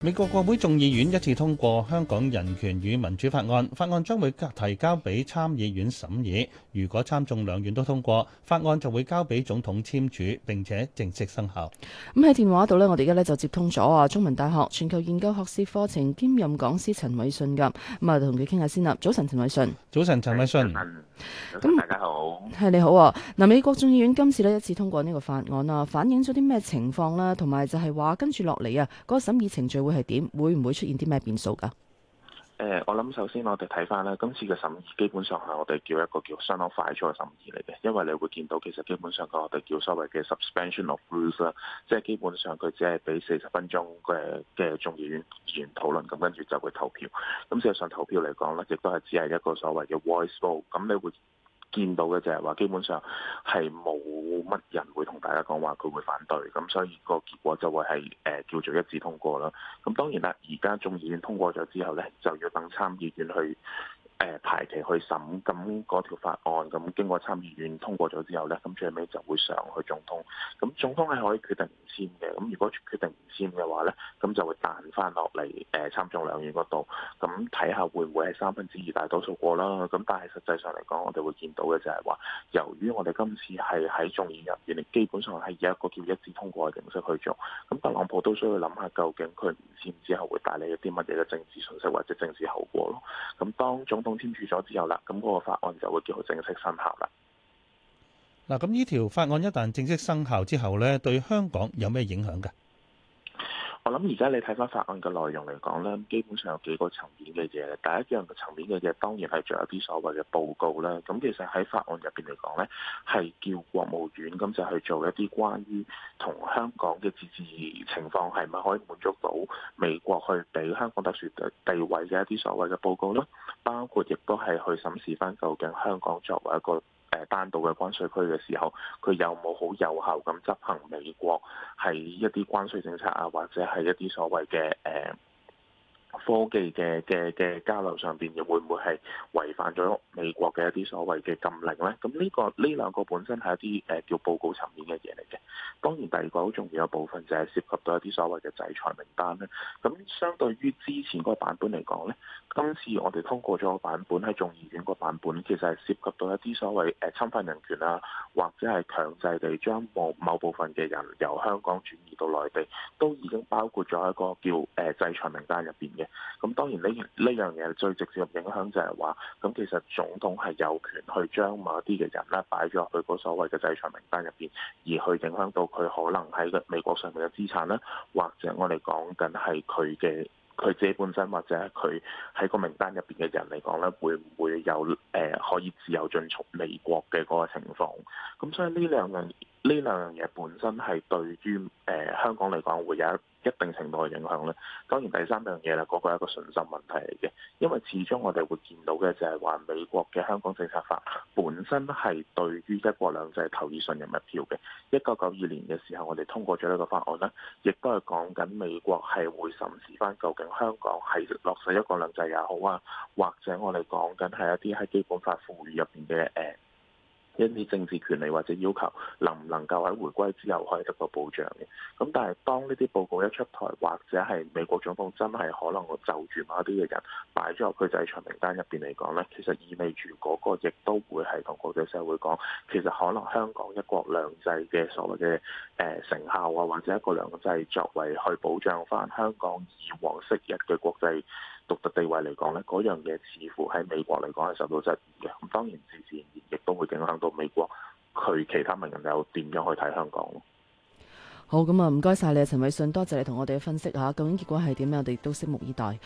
美國國會眾議院一致通過香港人權與民主法案，法案將會提交俾參議院審議。如果參眾兩院都通過，法案就會交俾總統簽署，並且正式生效。咁喺、嗯、電話度咧，我哋而家咧就接通咗啊！中文大學全球研究學士課程兼任講師陳偉信噶，咁啊同佢傾下先啦。早晨，陳偉信。早晨，陳偉信。咁大家好，係、嗯、你好、啊。嗱，美國眾議院今次咧一致通過呢個法案啦，反映咗啲咩情況咧？同埋就係話跟住落嚟啊，嗰、那個審議程序。會係點？會唔會出現啲咩變數噶？誒、呃，我諗首先我哋睇翻啦。今次嘅審議基本上係我哋叫一個叫相當快速嘅審議嚟嘅，因為你會見到其實基本上佢我哋叫所謂嘅 suspension of rules 啦，即係基本上佢只係俾四十分鐘嘅嘅眾議員議員討論，咁跟住就會投票。咁事實上投票嚟講呢，亦都係只係一個所謂嘅 voice vote，咁你會。見到嘅就係話，基本上係冇乜人會同大家講話佢會反對，咁所以個結果就會係誒、呃、叫做一致通過啦。咁當然啦，而家眾議院通過咗之後呢，就要等參議院去。其去審咁嗰條法案，咁經過參議院通過咗之後呢，咁最尾就會上去總統，咁總統係可以決定唔簽嘅。咁如果決定唔簽嘅話呢，咁就會彈翻落嚟誒參眾兩院嗰度，咁睇下會唔會係三分之二大多數過啦。咁但係實際上嚟講，我哋會見到嘅就係話，由於我哋今次係喺眾議院入面基本上係以一個叫一致通過嘅形式去做，咁特朗普都需要諗下究竟佢唔簽之後會帶嚟一啲乜嘢嘅政治信息或者政治後果咯。咁當總統簽署咗之後啦，咁嗰個法案就會叫正式生效啦。嗱，咁呢條法案一旦正式生效之後呢，對香港有咩影響噶？我諗而家你睇翻法案嘅內容嚟講咧，基本上有幾個層面嘅嘢。第一樣嘅層面嘅嘢，當然係做一啲所謂嘅報告啦。咁其實喺法案入邊嚟講咧，係叫國務院咁就去做一啲關於同香港嘅自治情況係咪可以滿足到美國去俾香港特殊地位嘅一啲所謂嘅報告咯。包括亦都係去審視翻究竟香港作為一個誒單獨嘅關稅區嘅時候，佢有冇好有,有效咁執行美國喺一啲關稅政策啊，或者係一啲所謂嘅誒？呃科技嘅嘅嘅交流上邊又會唔會係違反咗美國嘅一啲所謂嘅禁令咧？咁呢個呢兩個本身係一啲誒叫報告層面嘅嘢嚟嘅。當然第二個好重要嘅部分就係涉及到一啲所謂嘅制裁名單咧。咁相對於之前嗰版本嚟講咧，今次我哋通過咗個版本喺眾議院個版本，其實係涉及到一啲所謂誒侵犯人權啊，或者係強制地將某某部分嘅人由香港轉移到內地，都已經包括咗一個叫誒制裁名單入邊。咁當然呢呢樣嘢最直接嘅影響就係話，咁其實總統係有權去將某啲嘅人咧擺咗去嗰所謂嘅制裁名單入邊，而去影響到佢可能喺美國上面嘅資產啦，或者我哋講緊係佢嘅佢自己本身，或者佢喺個名單入邊嘅人嚟講咧，會唔會有誒、呃、可以自由進出美國嘅嗰個情況？咁、嗯、所以呢兩樣。呢兩樣嘢本身係對於誒、呃、香港嚟講會有一一定程度嘅影響咧。當然第三樣嘢啦，嗰、那個，個，個係一個信心問題嚟嘅，因為始終我哋會見到嘅就係話美國嘅香港政策法本身係對於一國兩制投以信任一票嘅。一九九二年嘅時候，我哋通過咗呢個法案啦，亦都係講緊美國係會審視返究竟香港係落實一國兩制也好啊，或者我哋講緊係一啲喺基本法賦予入面嘅誒。呃一啲政治權利或者要求能唔能夠喺回歸之後可以得到保障嘅？咁但係當呢啲報告一出台，或者係美國總統真係可能就住某一啲嘅人擺咗入佢制裁名單入邊嚟講呢，其實意味住嗰個亦都會係同國際社會講，其實可能香港一國兩制嘅所謂嘅誒成效啊，或者一國兩制作為去保障翻香港以往昔日嘅國際。獨特地位嚟講呢嗰樣嘢似乎喺美國嚟講係受到質疑嘅。咁當然，自然然亦都會影響到美國佢其他名人又點樣去睇香港。好，咁啊，唔該晒你啊，陳偉信，多謝你同我哋分析吓，啊，究竟結果係點，我哋都拭目以待。